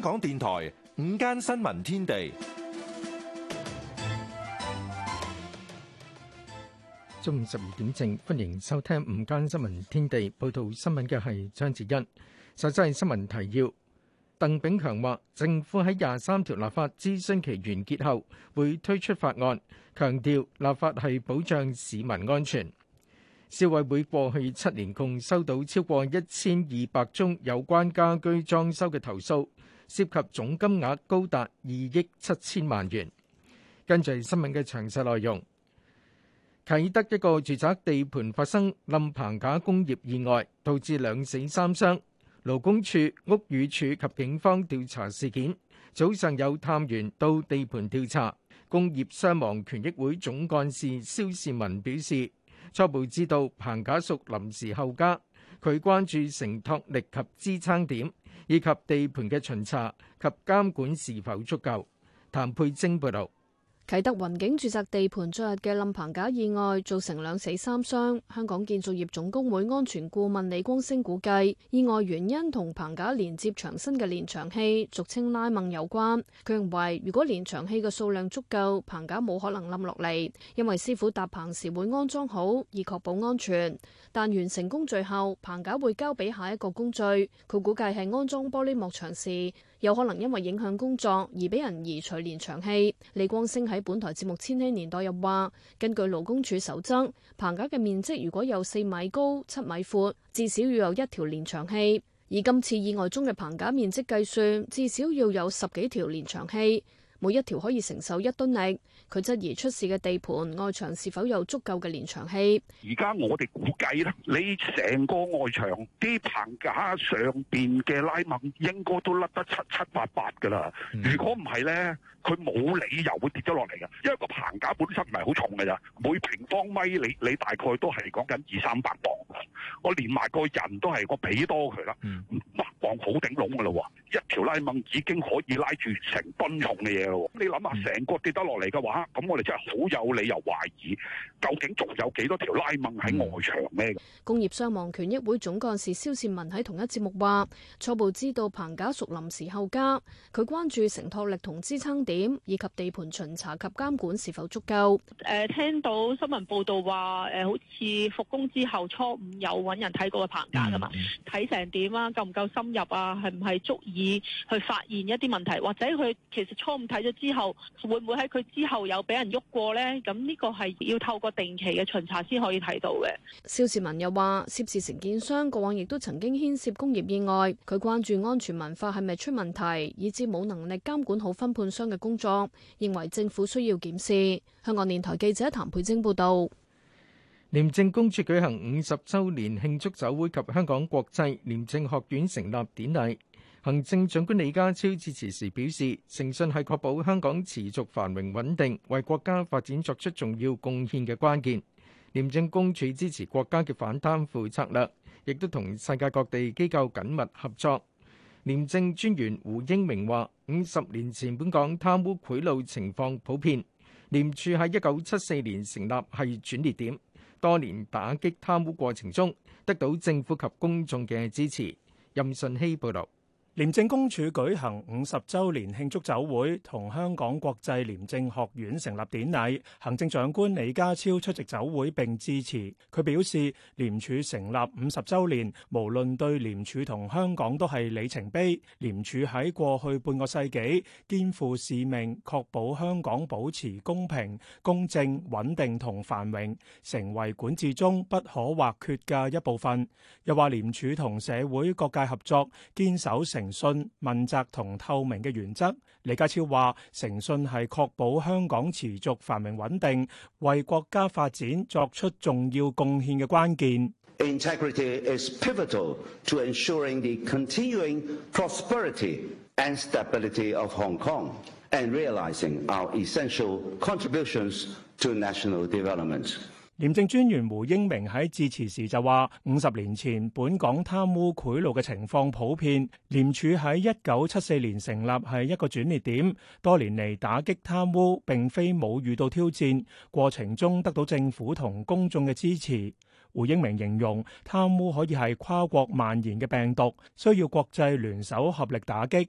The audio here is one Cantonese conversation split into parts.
香港電台午間新聞天地。中午十二點正，歡迎收聽午間新聞天地。報道新聞嘅係張子欣。首先係新聞提要：鄧炳強話，政府喺廿三條立法諮詢期完結後會推出法案，強調立法係保障市民安全。消委會過去七年共收到超過一千二百宗有關家居裝修嘅投訴。涉及總金額高達二億七千萬元。跟住新聞嘅詳細內容，啟德一個住宅地盤發生冧棚架工業意外，導致兩死三傷。勞工處、屋宇署及警方調查事件。早上有探員到地盤調查。工業傷亡權益會總幹事蕭士文表示，初步知道棚架屬臨時後加。佢關注承托力及支撐點，以及地盤嘅巡查及監管是否足夠。譚佩晶報道。啟德雲景住宅地盤昨日嘅冧棚架意外造成兩死三傷。香港建造業總工會安全顧問李光升估計，意外原因同棚架連接牆身嘅連牆器，俗稱拉孟有關。佢認為，如果連牆器嘅數量足夠，棚架冇可能冧落嚟，因為師傅搭棚時會安裝好，以確保安全。但完成工序後，棚架會交俾下一個工序。佢估計係安裝玻璃幕牆時。有可能因為影響工作而俾人移除連牆器。李光星喺本台節目《千禧年代》入話，根據勞工署守則，棚架嘅面積如果有四米高、七米闊，至少要有一條連牆器。以今次意外中嘅棚架面積計算，至少要有十幾條連牆器。每一條可以承受一噸力，佢質疑出事嘅地盤外牆是否有足夠嘅連長器。而家我哋估計咧，你成個外牆啲棚架上邊嘅拉猛應該都甩得七七八八㗎啦。如果唔係咧，佢冇理由會跌咗落嚟㗎，因為個棚架本身唔係好重㗎咋。每平方米你你大概都係講緊二三百磅。我連埋個人都係個俾多佢啦，百磅好頂籠㗎咯。一條拉猛已經可以拉住成噸重嘅嘢。你諗下，成個跌得落嚟嘅話，咁我哋真係好有理由懷疑，究竟仲有幾多條拉盟喺外場咩？工業傷亡權益會總幹事蕭倩文喺同一節目話：初步知道棚架屬臨時後加，佢關注承托力同支撐點以及地盤巡查及監管是否足夠。誒，聽到新聞報道話，誒，好似復工之後初五有揾人睇過個棚架噶嘛？睇成點啊？夠唔夠深入啊？係唔係足以去發現一啲問題？或者佢其實初五睇？咁之後會唔會喺佢之後有俾人喐過呢？咁呢個係要透過定期嘅巡查先可以睇到嘅。蕭志文又話，涉事承建商過往亦都曾經牽涉工業意外，佢關注安全文化係咪出問題，以至冇能力監管好分判商嘅工作，認為政府需要檢視。香港電台記者譚佩晶報導。廉政公署舉行五十週年慶祝酒會及香港國際廉政學院成立典禮。行政長官李家超致辭時表示，誠信係確保香港持續繁榮穩定、為國家發展作出重要貢獻嘅關鍵。廉政公署支持國家嘅反貪腐策略，亦都同世界各地機構緊密合作。廉政專員胡英明話：五十年前，本港貪污賄賂情況普遍，廉署喺一九七四年成立係轉捩點。多年打擊貪污過程中，得到政府及公眾嘅支持。任信希報道。廉政公署舉行五十周年慶祝酒會同香港國際廉政學院成立典禮，行政長官李家超出席酒會並致辭。佢表示，廉署成立五十周年，無論對廉署同香港都係里程碑。廉署喺過去半個世紀肩負使命，確保香港保持公平、公正、穩定同繁榮，成為管治中不可或缺嘅一部分。又話廉署同社會各界合作，堅守誠信、問責同透明嘅原則，李家超話：誠信係確保香港持續繁榮穩定、為國家發展作出重要貢獻嘅關鍵。廉政專員胡英明喺致辭時就話：五十年前本港貪污賄賂嘅情況普遍，廉署喺一九七四年成立係一個轉捩點。多年嚟打擊貪污並非冇遇到挑戰，過程中得到政府同公眾嘅支持。胡英明形容貪污可以係跨國蔓延嘅病毒，需要國際聯手合力打擊。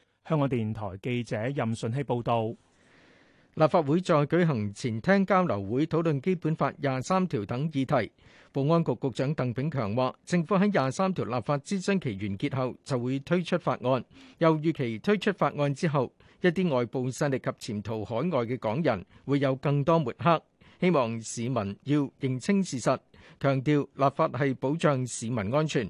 香港電台記者任順希報道，立法會再舉行前廳交流會討論《基本法》廿三條等議題。保安局局長鄧炳強話，政府喺廿三條立法諮詢期完結後就會推出法案，又預期推出法案之後，一啲外部勢力及潛逃海外嘅港人會有更多抹黑。希望市民要認清事實，強調立法係保障市民安全。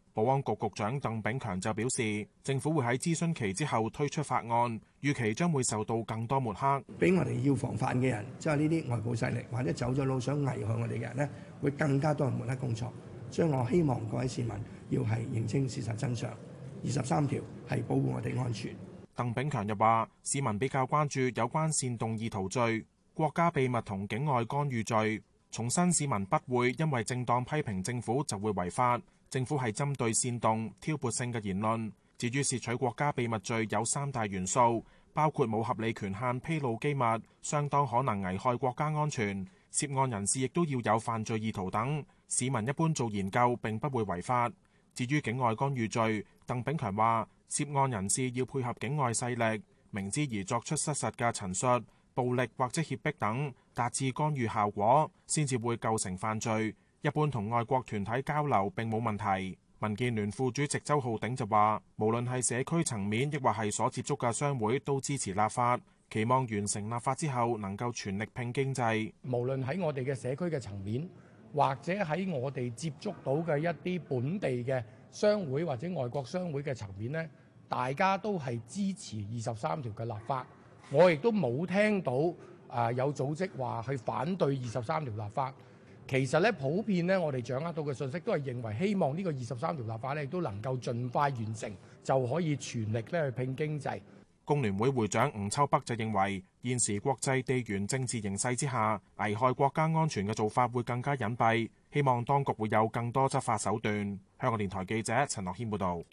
保安局局長鄧炳強就表示，政府會喺諮詢期之後推出法案，預期將會受到更多抹黑。俾我哋要防範嘅人，即係呢啲外部勢力或者走咗路想危害我哋嘅人呢，會更加多人抹黑工作。所以我希望各位市民要係認清事實真相。二十三條係保護我哋安全。鄧炳強又話，市民比較關注有關煽動意圖罪、國家秘密同境外干預罪，重申市民不會因為正當批評政府就會違法。政府係針對煽動、挑撥性嘅言論。至於竊取國家秘密罪，有三大元素，包括冇合理權限披露機密，相當可能危害國家安全。涉案人士亦都要有犯罪意圖等。市民一般做研究並不會違法。至於境外干預罪，鄧炳強話，涉案人士要配合境外勢力，明知而作出失實嘅陳述、暴力或者脅迫等，達至干預效果，先至會構成犯罪。一般同外國團體交流並冇問題。民建聯副主席周浩鼎就話：無論係社區層面，亦或係所接觸嘅商會，都支持立法，期望完成立法之後能夠全力拼經濟。無論喺我哋嘅社區嘅層面，或者喺我哋接觸到嘅一啲本地嘅商會或者外國商會嘅層面呢，大家都係支持二十三條嘅立法。我亦都冇聽到啊有組織話去反對二十三條立法。其實咧，普遍咧，我哋掌握到嘅信息都係認為，希望呢個二十三條立法呢亦都能夠盡快完成，就可以全力咧去拼經濟。工聯會會長吳秋北就認為，現時國際地緣政治形勢之下，危害國家安全嘅做法會更加隱蔽，希望當局會有更多執法手段。香港電台記者陳樂軒報導。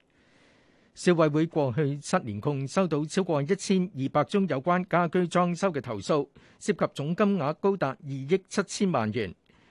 消委會過去七年共收到超過一千二百宗有關家居裝修嘅投訴，涉及總金額高達二億七千萬元。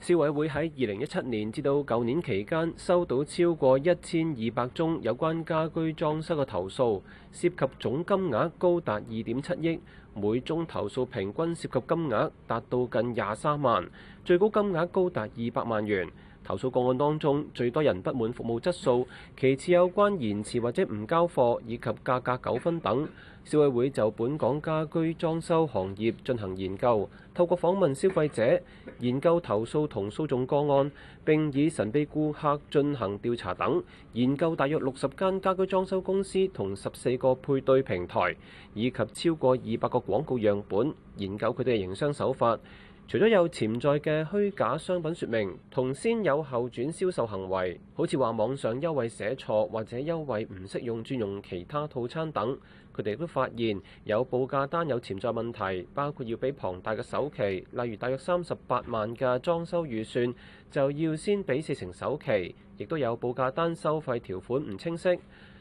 消委會喺二零一七年至到舊年期間，收到超過一千二百宗有關家居裝修嘅投訴，涉及總金額高達二點七億，每宗投訴平均涉及金額達到近廿三萬，最高金額高達二百萬元。投訴個案當中，最多人不滿服務質素，其次有關延遲或者唔交貨以及價格糾紛等。消委會就本港家居裝修行業進行研究，透過訪問消費者、研究投訴同訴訟個案、並以神秘顧客進行調查等，研究大約六十間家居裝修公司同十四個配對平台，以及超過二百個廣告樣本，研究佢哋嘅營商手法。除咗有潛在嘅虛假商品說明同先有後轉銷售行為，好似話網上優惠寫錯或者優惠唔適用轉用其他套餐等，佢哋亦都發現有報價單有潛在問題，包括要俾龐大嘅首期，例如大約三十八萬嘅裝修預算就要先俾四成首期，亦都有報價單收費條款唔清晰。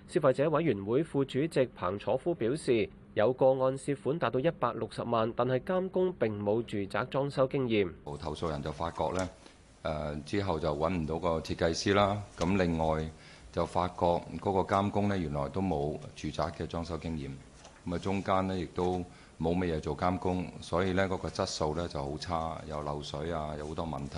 消費者委員會副主席彭楚夫表示。有個案涉款達到一百六十萬，但係監工並冇住宅裝修經驗。投訴人就發覺呢，誒之後就揾唔到個設計師啦。咁另外就發覺嗰個監工呢，原來都冇住宅嘅裝修經驗。咁啊，中間呢，亦都冇咩嘢做監工，所以呢，嗰個質素呢就好差，有漏水啊，有好多問題。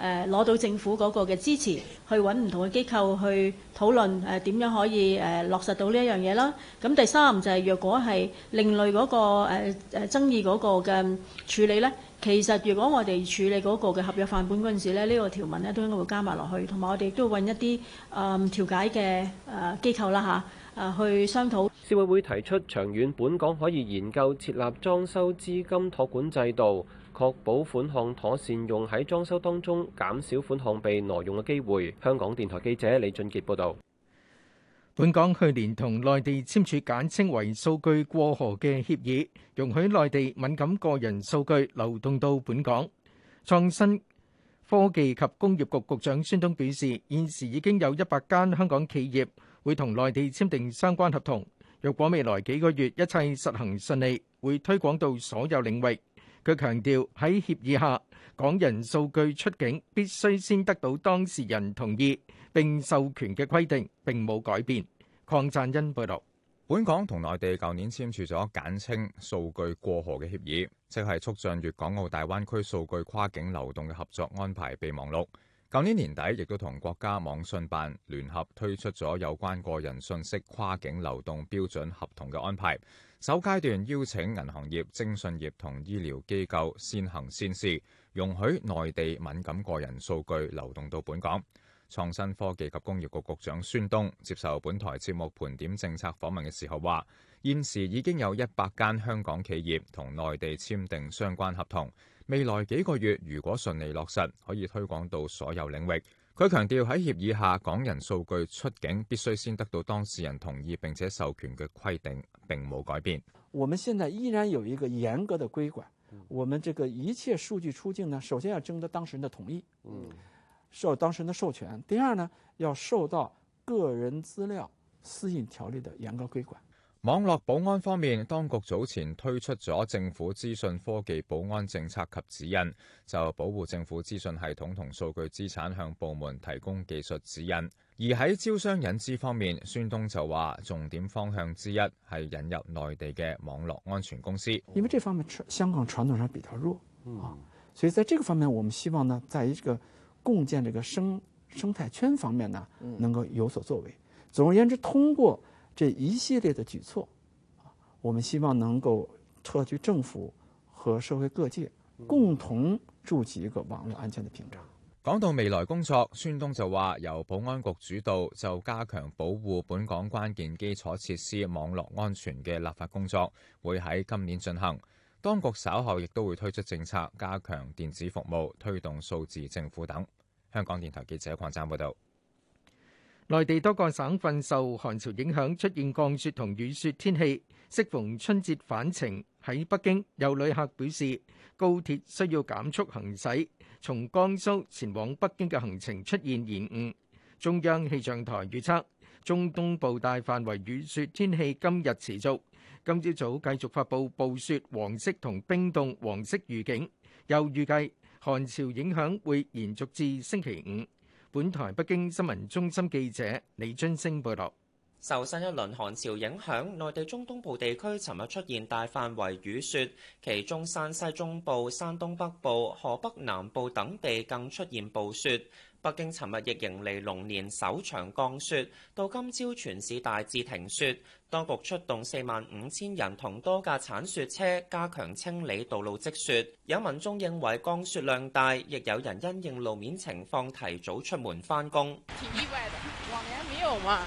誒攞到政府嗰個嘅支持，去揾唔同嘅機構去討論誒點樣可以誒落實到呢一樣嘢啦。咁第三就係若果係另類嗰個誒誒爭議嗰個嘅處理呢，其實如果我哋處理嗰個嘅合約範本嗰陣時咧，呢、呢個條文呢都應該會加埋落去，同埋我哋都會揾一啲誒調解嘅誒機構啦嚇，誒去商討。消委會提出，長遠本港可以研究設立裝修資金託管制度。確保款項妥善用喺裝修當中，減少款項被挪用嘅機會。香港電台記者李俊傑報導。本港去年同內地簽署簡稱為「數據過河」嘅協議，容許內地敏感個人數據流動到本港。創新科技及工業局局長孫東表示，現時已經有一百間香港企業會同內地簽訂相關合同。若果未來幾個月一切實行順利，會推廣到所有領域。佢強調，喺協議下，港人數據出境必須先得到當事人同意並授權嘅規定並冇改變。鄺贊恩報道。本港同內地舊年簽署咗簡稱數據過河嘅協議，即係促進粵港澳大灣區數據跨境流動嘅合作安排備忘錄。舊年年底亦都同國家網信辦聯合推出咗有關個人信息跨境流動標準合同嘅安排。首階段邀請銀行業、徵信業同醫療機構先行先試，容許內地敏感個人數據流動到本港。創新科技及工業局局長孫東接受本台節目盤點政策訪問嘅時候話：現時已經有一百間香港企業同內地簽訂相關合同。未來幾個月，如果順利落實，可以推廣到所有領域。佢強調喺協議下，港人數據出境必須先得到當事人同意並且授權嘅規定並冇改變。我們現在依然有一個嚴格的規管，我們這個一切數據出境呢，首先要徵得當事人的同意，嗯，受當事人的授權。第二呢，要受到個人資料私隱條例的嚴格規管。網絡保安方面，當局早前推出咗政府資訊科技保安政策及指引，就保護政府資訊系統同數據資產，向部門提供技術指引。而喺招商引資方面，孫東就話，重點方向之一係引入內地嘅網絡安全公司。因為這方面傳香港傳統上比較弱啊，嗯、所以在這個方面，我們希望呢，在一個共建這個生生態圈方面呢，能夠有所作為。總而言之，通過，這一系列的舉措，我們希望能夠特區政府和社會各界共同築起一個網絡安全的屏障。講到未來工作，孫東就話由保安局主導，就加強保護本港關鍵基礎設施網絡安全嘅立法工作，會喺今年進行。當局稍後亦都會推出政策，加強電子服務，推動數字政府等。香港電台記者鄺湛報道。內地多個省份受寒潮影響，出現降雪同雨雪天氣。適逢春節返程，喺北京有旅客表示，高鐵需要減速行駛，從江蘇前往北京嘅行程出現延誤。中央氣象台預測，中東部大範圍雨雪天氣今日持續，今朝早繼續發布暴雪黃色同冰凍黃色預警，又預計寒潮影響會延續至星期五。本台北京新聞中心記者李津升報道。受新一輪寒潮影響，內地中東部地區尋日出現大範圍雨雪，其中山西中部、山東北部、河北南部等地更出現暴雪。北京尋日亦迎嚟龍年首場降雪，到今朝全市大致停雪。當局出動四萬五千人同多架鏟雪車加強清理道路積雪。有民眾認為降雪量大，亦有人因應路面情況提早出門返工。挺意外的。往年冇㗎嘛。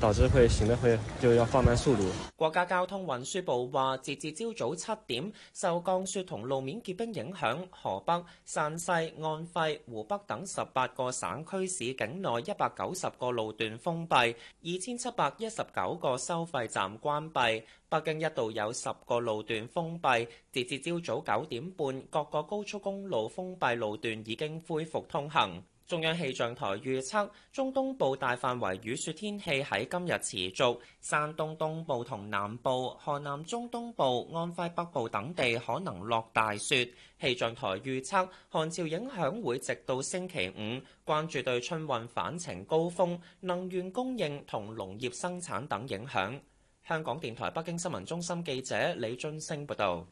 導致會行得會就要放慢速度。國家交通運輸部話，截至朝早七點，受降雪同路面結冰影響，河北、山西、安徽、湖北等十八個省區市境內一百九十個路段封閉，二千七百一十九個收費站關閉。北京一度有十個路段封閉，截至朝早九點半，各個高速公路封閉路段已經恢復通行。中央氣象台預測，中東部大範圍雨雪天氣喺今日持續，山東東部同南部、河南中東部、安徽北部等地可能落大雪。氣象台預測，寒潮影響會直到星期五，關注對春運返程高峰、能源供應同農業生產等影響。香港電台北京新聞中心記者李俊升報道。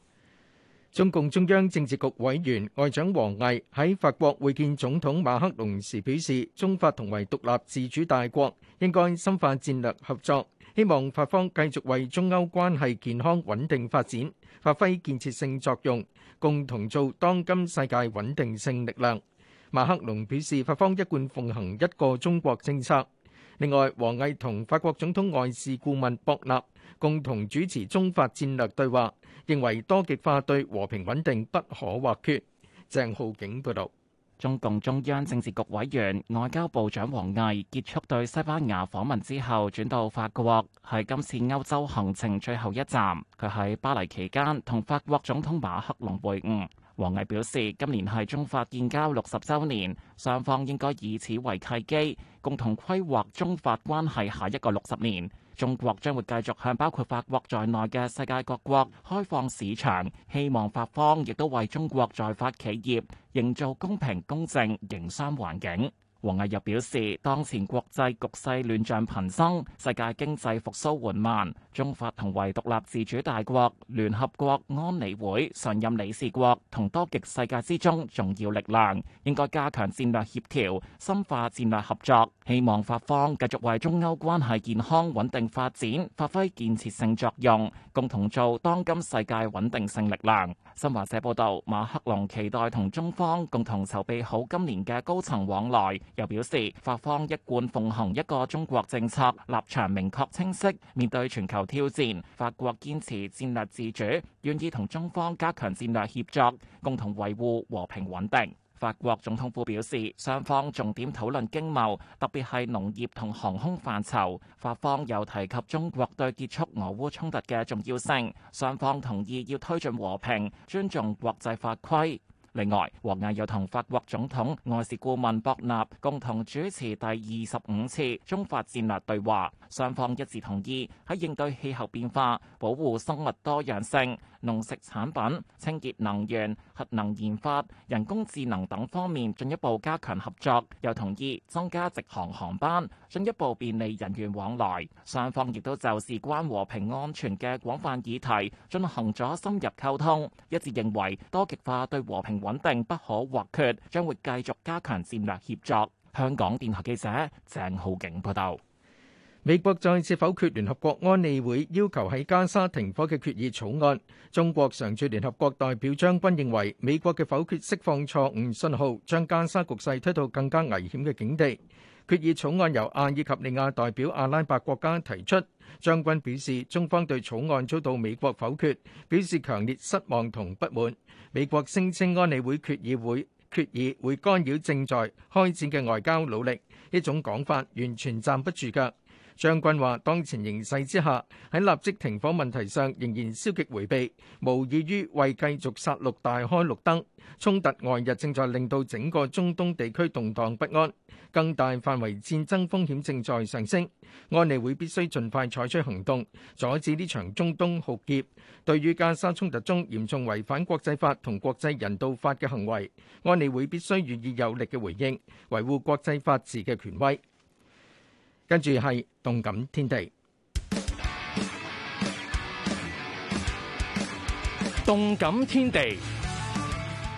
中共中央政治局委員外長王毅喺法國會見總統馬克龍時表示，中法同為獨立自主大國，應該深化戰略合作，希望法方繼續為中歐關係健康穩定發展發揮建設性作用，共同做當今世界穩定性力量。馬克龍表示，法方一貫奉行一個中國政策。另外，王毅同法國總統外事顧問博納共同主持中法戰略對話，認為多極化對和平穩定不可或缺。鄭浩景報導，中共中央政治局委員外交部長王毅結束對西班牙訪問之後，轉到法國係今次歐洲行程最後一站。佢喺巴黎期間同法國總統馬克龍會晤。王毅表示，今年係中法建交六十周年，雙方應該以此為契機，共同規劃中法關係下一個六十年。中國將會繼續向包括法國在內嘅世界各國開放市場，希望法方亦都為中國在法企業營造公平公正營商環境。王毅又表示，當前國際局勢亂象頻生，世界經濟復蘇緩慢。中法同為獨立自主大國，聯合國安理會常任理事國同多極世界之中重要力量，應該加強戰略協調，深化戰略合作。希望法方繼續為中歐關係健康穩定發展發揮建設性作用，共同做當今世界穩定性力量。新華社報道，馬克龍期待同中方共同籌備好今年嘅高層往來，又表示法方一貫奉行一個中國政策，立場明確清晰。面對全球挑戰，法國堅持戰略自主，願意同中方加強戰略協作，共同維護和平穩定。法國總統府表示，雙方重點討論經貿，特別係農業同航空範疇。法方又提及中國對結束俄烏衝突嘅重要性。雙方同意要推進和平，尊重國際法規。另外，王毅又同法國總統外事顧問博納共同主持第二十五次中法戰略對話。雙方一致同意喺應對氣候變化、保護生物多樣性、農食產品、清潔能源、核能研發、人工智能等方面進一步加強合作，又同意增加直航航班，進一步便利人員往來。雙方亦都就事關和平安全嘅廣泛議題進行咗深入溝通，一致認為多極化對和平穩定不可或缺，將會繼續加強戰略協作。香港電台記者鄭浩景報道。美國再次否決聯合國安理會要求喺加沙停火嘅決議草案。中國常駐聯合國代表張軍認為，美國嘅否決釋放錯誤信號，將加沙局勢推到更加危險嘅境地。決議草案由阿爾及利亞代表阿拉伯國家提出。張軍表示，中方對草案遭到美國否決表示強烈失望同不滿。美國聲稱安理會決議會決議會干擾正在開展嘅外交努力，呢種講法完全站不住腳。張軍話：當前形勢之下，喺立即停火問題上仍然消極迴避，無異於為繼續殺戮大開綠燈。衝突外日正在令到整個中東地區動盪不安，更大範圍戰爭風險正在上升。安理會必須盡快採取行動，阻止呢場中東浩劫。對於加沙衝突中嚴重違反國際法同國際人道法嘅行為，安理會必須予以有力嘅回應，維護國際法治嘅權威。跟住係動感天地，動感天地，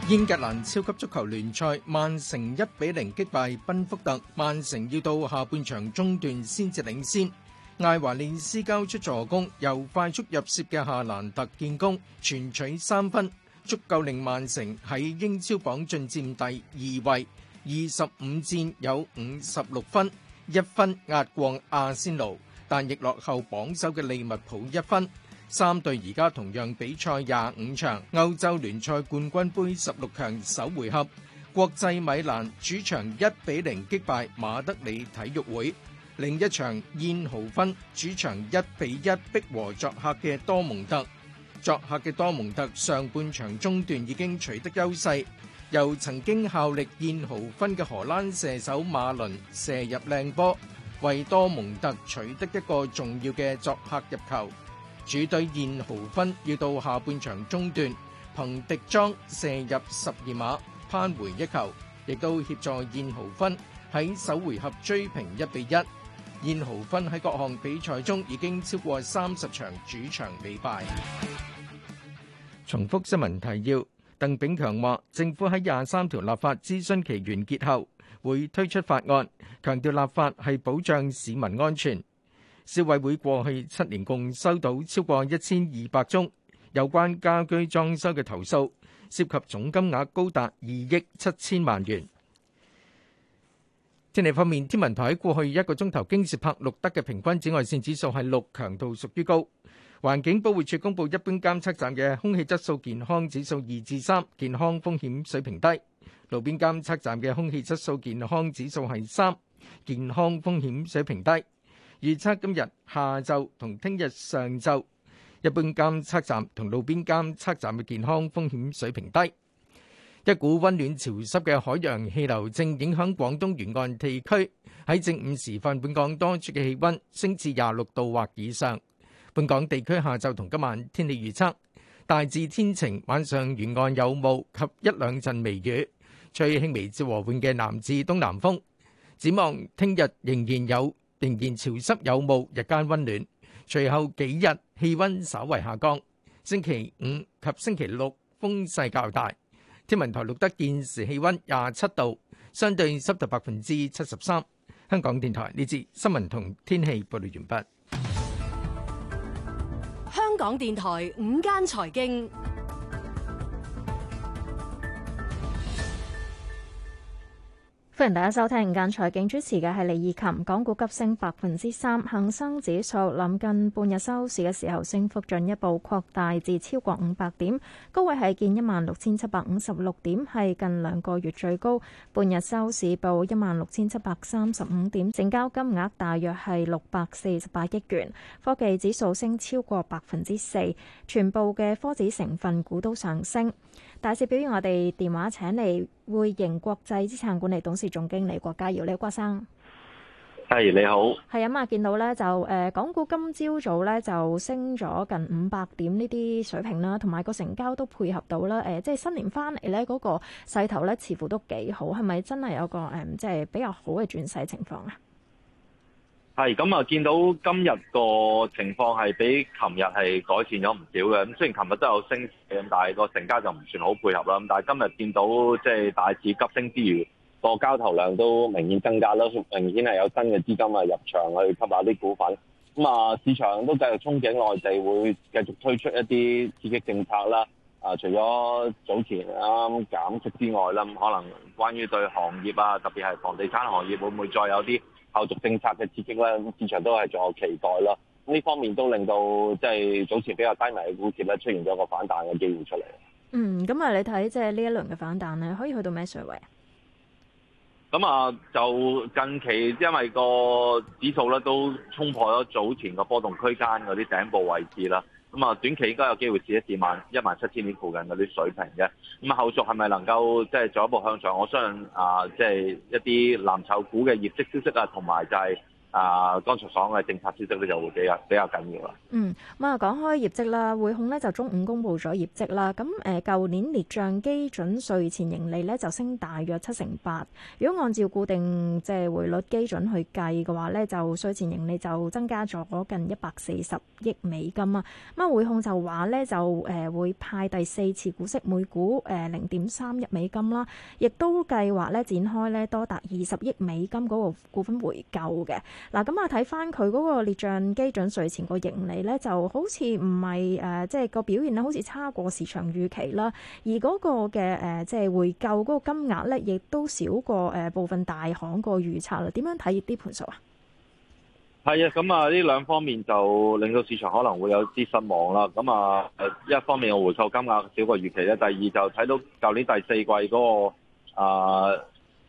英格蘭超級足球聯賽，曼城一比零擊敗賓福特，曼城要到下半場中段先至領先，艾華列斯交出助攻，由快速入楔嘅夏蘭特建功，全取三分，足夠令曼城喺英超榜進佔第二位，二十五戰有五十六分。一分壓過阿仙奴，但亦落後榜首嘅利物浦一分。三隊而家同樣比賽廿五場，歐洲聯賽冠軍杯十六強首回合，國際米蘭主場一比零擊敗馬德里體育會，另一場燕豪芬主場一比一逼和作客嘅多蒙特。作客嘅多蒙特上半場中段已經取得優勢。由曾經效力燕豪芬嘅荷蘭射手馬倫射入靚波，為多蒙特取得一個重要嘅作客入球。主隊燕豪芬要到下半場中段，憑迪莊射入十二碼，扳回一球，亦都協助燕豪芬喺首回合追平一比一。燕豪芬喺各項比賽中已經超過三十場主場未敗。重複新聞提要。鄧炳強話：政府喺廿三條立法諮詢期完結後，會推出法案。強調立法係保障市民安全。消委會過去七年共收到超過一千二百宗有關家居裝修嘅投訴，涉及總金額高達二億七千萬元。天氣方面，天文台過去一個鐘頭京士柏錄得嘅平均紫外線指數係六，強度屬於高。環境保護署公布一般監測站嘅空氣質素健康指數二至三，健康風險水平低；路邊監測站嘅空氣質素健康指數係三，健康風險水平低。預測今日下晝同聽日上晝，一般監測站同路邊監測站嘅健康風險水平低。一股溫暖潮濕嘅海洋氣流正影響廣東沿岸地區，喺正午時分，本港多處嘅氣溫升至廿六度或以上。本港地區下晝同今晚天氣預測，大致天晴，晚上沿岸有霧及一兩陣微雨，吹輕微至和緩嘅南至東南風。展望聽日仍然有仍然潮濕有霧，日間溫暖，隨後幾日氣溫稍為下降。星期五及星期六風勢較大。天文台錄得現時氣溫廿七度，相對濕度百分之七十三。香港電台呢節新聞同天氣報道完畢。香港電台午間財經。歡迎大家收聽，午間財經主持嘅係李以琴。港股急升百分之三，恒生指數臨近半日收市嘅時候，升幅進一步擴大至超過五百點，高位係見一萬六千七百五十六點，係近兩個月最高。半日收市報一萬六千七百三十五點，成交金額大約係六百四十八億元。科技指數升超過百分之四，全部嘅科指成分股都上升。大事表現，我哋電話請嚟匯盈國際資產管理董事總經理郭家耀呢。郭生，係、hey, 你好，係啊嘛，見到咧就誒、呃，港股今朝早咧就升咗近五百點呢啲水平啦，同埋個成交都配合到啦，誒、呃，即、就、係、是、新年翻嚟咧嗰個勢頭咧似乎都幾好，係咪真係有個誒即係比較好嘅轉勢情況啊？係咁啊！見到今日個情況係比琴日係改善咗唔少嘅。咁雖然琴日都有升咁大，但個成交就唔算好配合啦。咁但係今日見到即係大市急升之餘，個交投量都明顯增加啦，明顯係有新嘅資金啊入場去吸下啲股份。咁、嗯、啊，市場都繼續憧憬內地會繼續推出一啲刺激政策啦。啊，除咗早前啱、嗯、減息之外啦，咁、嗯、可能關於對行業啊，特別係房地產行業會唔會再有啲？後續政策嘅刺激咧，市場都係仲有期待啦。呢方面都令到即係早前比較低迷嘅股市咧，出現咗個反彈嘅機會出嚟。嗯，咁啊，你睇即係呢一輪嘅反彈咧，可以去到咩水位？咁啊、嗯，就近期因為個指數咧都衝破咗早前個波動區間嗰啲頂部位置啦。咁啊，短期應該有機會試一試萬、一萬七千點附近嗰啲水平嘅，咁後續係咪能夠即係再一步向上？我相信啊，即係一啲藍籌股嘅業績消息啊，同埋就係、是。啊！剛才講嘅政策消息咧，就會比較比較緊要啦。嗯，咁啊，講開業績啦，匯控呢就中午公布咗業績啦。咁誒，舊年列帳基準稅前盈利呢，就升大約七成八。如果按照固定即係匯率基準去計嘅話呢，就稅前盈利就增加咗近一百四十億美金啊。咁啊，匯控就話呢，就誒會派第四次股息每股誒零點三一美金啦，亦都計劃呢，展開呢多達二十億美金嗰個股份回購嘅。嗱咁啊，睇翻佢嗰個列賬基準稅前個盈利咧，就好似唔係誒，即係個表現咧，好似差過市場預期啦。而嗰個嘅誒，即係回購嗰個金額咧，亦都少過誒部分大行個預測啦。點樣睇啲盤數啊？係啊，咁啊，呢兩方面就令到市場可能會有啲失望啦。咁啊，一方面嘅回購金額少過預期咧，第二就睇到舊年第四季嗰個啊。呃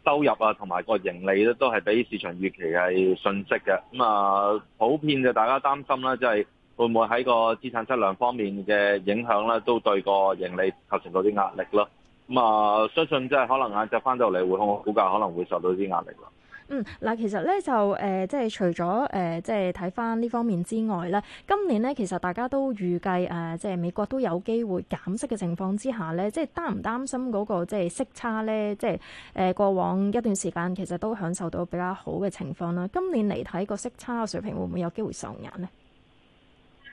收入啊，同埋個盈利咧，都係比市場預期係信息嘅。咁啊，普遍就大家擔心啦，即係會唔會喺個資產質量方面嘅影響咧，都對個盈利構成到啲壓力咯。咁啊，相信即係可能晏晝翻到嚟，匯控股價可能會受到啲壓力咯。嗯，嗱，其實咧就誒、呃，即係除咗誒、呃，即係睇返呢方面之外咧，今年咧其實大家都預計誒、呃，即係美國都有機會減息嘅情況之下咧，即係擔唔擔心嗰、那個即係息差咧，即係誒過往一段時間其實都享受到比較好嘅情況啦。今年嚟睇個息差水平會唔會有機會上眼咧？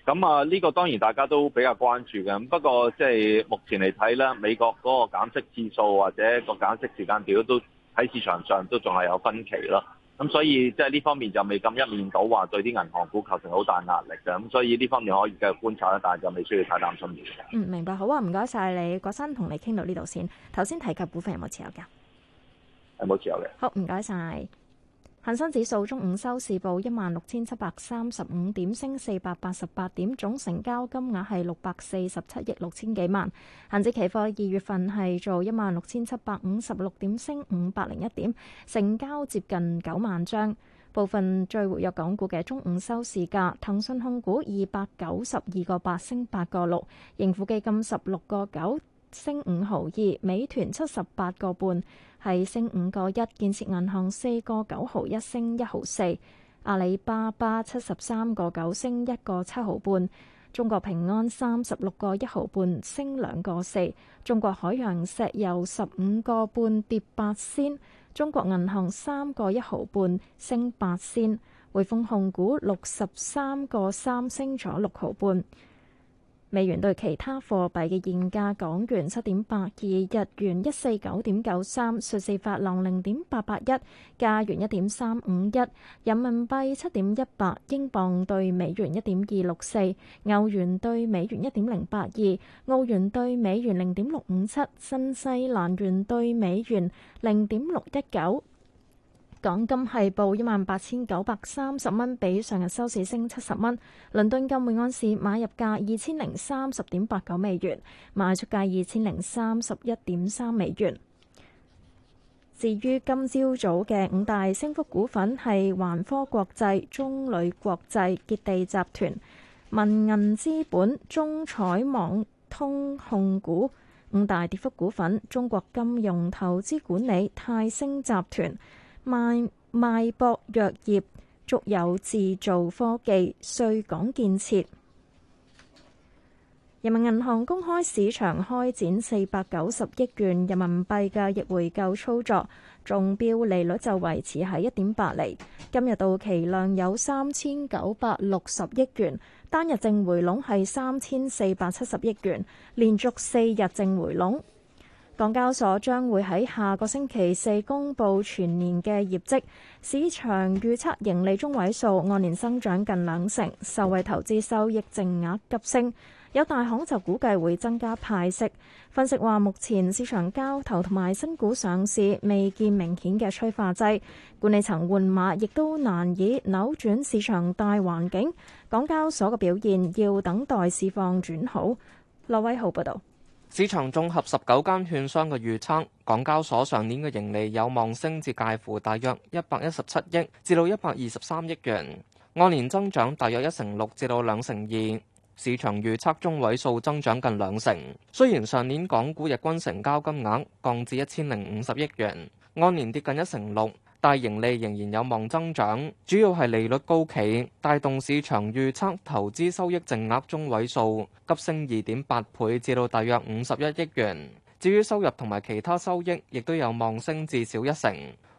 咁啊，呢、這個當然大家都比較關注嘅。不過即係目前嚟睇啦，美國嗰個減息次數或者個減息時間表都喺市場上都仲係有分歧咯，咁所以即係呢方面就未咁一面倒話對啲銀行股構成好大壓力嘅，咁所以呢方面可以繼續觀察啦，但係就未需要太擔心嘅。嗯，明白，好啊，唔該晒你，郭生，同你傾到呢度先。頭先提及股份有冇持有㗎？係冇持有嘅。好，唔該晒。恒生指數中午收市報一萬六千七百三十五點，升四百八十八點，總成交金額係六百四十七億六千幾萬。恒指期貨二月份係做一萬六千七百五十六點，升五百零一點，成交接近九萬張。部分最活躍港股嘅中午收市價，騰訊控股二百九十二個八升八個六，盈富基金十六個九。升五毫二，美團七十八個半，係升五個一；建設銀行四個九毫一升一毫四，阿里巴巴七十三個九升一個七毫半，中國平安三十六個一毫半升兩個四，中國海洋石油十五個半跌八仙，中國銀行三個一毫半升八仙，匯豐控股六十三個三升咗六毫半。美元兌其他貨幣嘅現價：港元七點八二，日元一四九點九三，瑞士法郎零點八八一，加元一點三五一，人民幣七點一八，英鎊對美元一點二六四，歐元對美元一點零八二，澳元對美元零點六五七，新西蘭元對美元零點六一九。港金係報一萬八千九百三十蚊，比上日收市升七十蚊。倫敦金每安士買入價二千零三十點八九美元，賣出價二千零三十一點三美元。至於今朝早嘅五大升幅股份係環科國際、中旅國際、結地集團、民銀資本、中彩網通控股。五大跌幅股份：中國金融投資管理、泰星集團。賣，賣博藥業、足有自造科技、穗港建設。人民銀行公開市場開展四百九十億元人民幣嘅逆回購操作，中標利率就維持喺一點八厘。今日到期量有三千九百六十億元，單日淨回籠係三千四百七十億元，連續四日淨回籠。港交所將會喺下個星期四公布全年嘅業績，市場預測盈利中位數按年增長近兩成，受惠投資收益淨額急升。有大行就估計會增加派息。分析話，目前市場交投同埋新股上市未見明顯嘅催化劑，管理層換馬亦都難以扭轉市場大環境。港交所嘅表現要等待市況轉好。羅偉豪報道。市場綜合十九間券商嘅預測，港交所上年嘅盈利有望升至介乎大約一百一十七億至到一百二十三億元，按年增長大約一成六至到兩成二。市場預測中位數增長近兩成。雖然上年港股日均成交金額降至一千零五十億元，按年跌近一成六。但盈利仍然有望增長，主要係利率高企，帶動市場預測投資收益淨額中位數急升二點八倍，至到大約五十一億元。至於收入同埋其他收益，亦都有望升至少一成。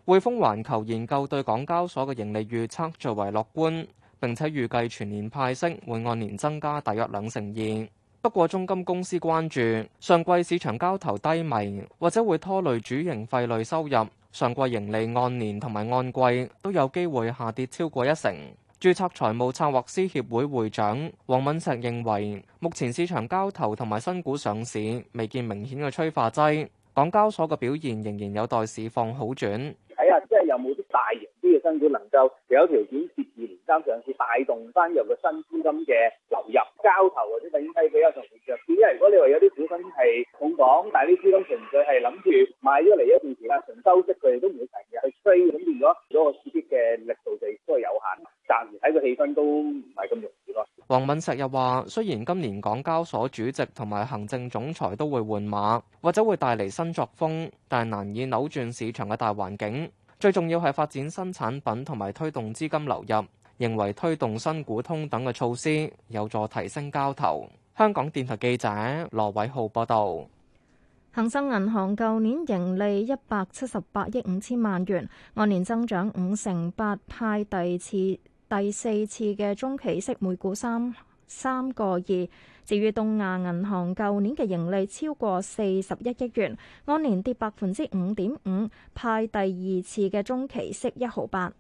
匯豐環球研究對港交所嘅盈利預測最為樂觀，並且預計全年派息會按年增加大約兩成二。不過，中金公司關注上季市場交投低迷，或者會拖累主營費類收入。上季盈利按年同埋按季都有機會下跌超過一成。註冊財務策劃師協會會長黃敏石認為，目前市場交投同埋新股上市未見明顯嘅催化劑，港交所嘅表現仍然有待市況好轉。即係有冇啲大型啲嘅新股能夠有條件接二連三上市，帶動翻入個新資金嘅流入、交投或者等低佢一層活躍。至於如果你話有啲股份係冇講，但係啲資金情緒係諗住買咗嚟一段時間純收息，佢哋都唔會成日去吹。咁變咗嗰個刺激嘅力度就都係有限。暫時睇個氣氛都唔係咁容易咯。黃敏石又話：雖然今年港交所主席同埋行政總裁都會換馬，或者會帶嚟新作風，但係難以扭轉市場嘅大環境。最重要係發展新產品同埋推動資金流入，認為推動新股通等嘅措施有助提升交投。香港電台記者羅偉浩報道，恒生銀行舊年盈利一百七十八億五千萬元，按年增長五成八，派第四第四次嘅中期息每股三三個二。至於東亞銀行舊年嘅盈利超過四十一億元，按年跌百分之五點五，派第二次嘅中期息一毫八。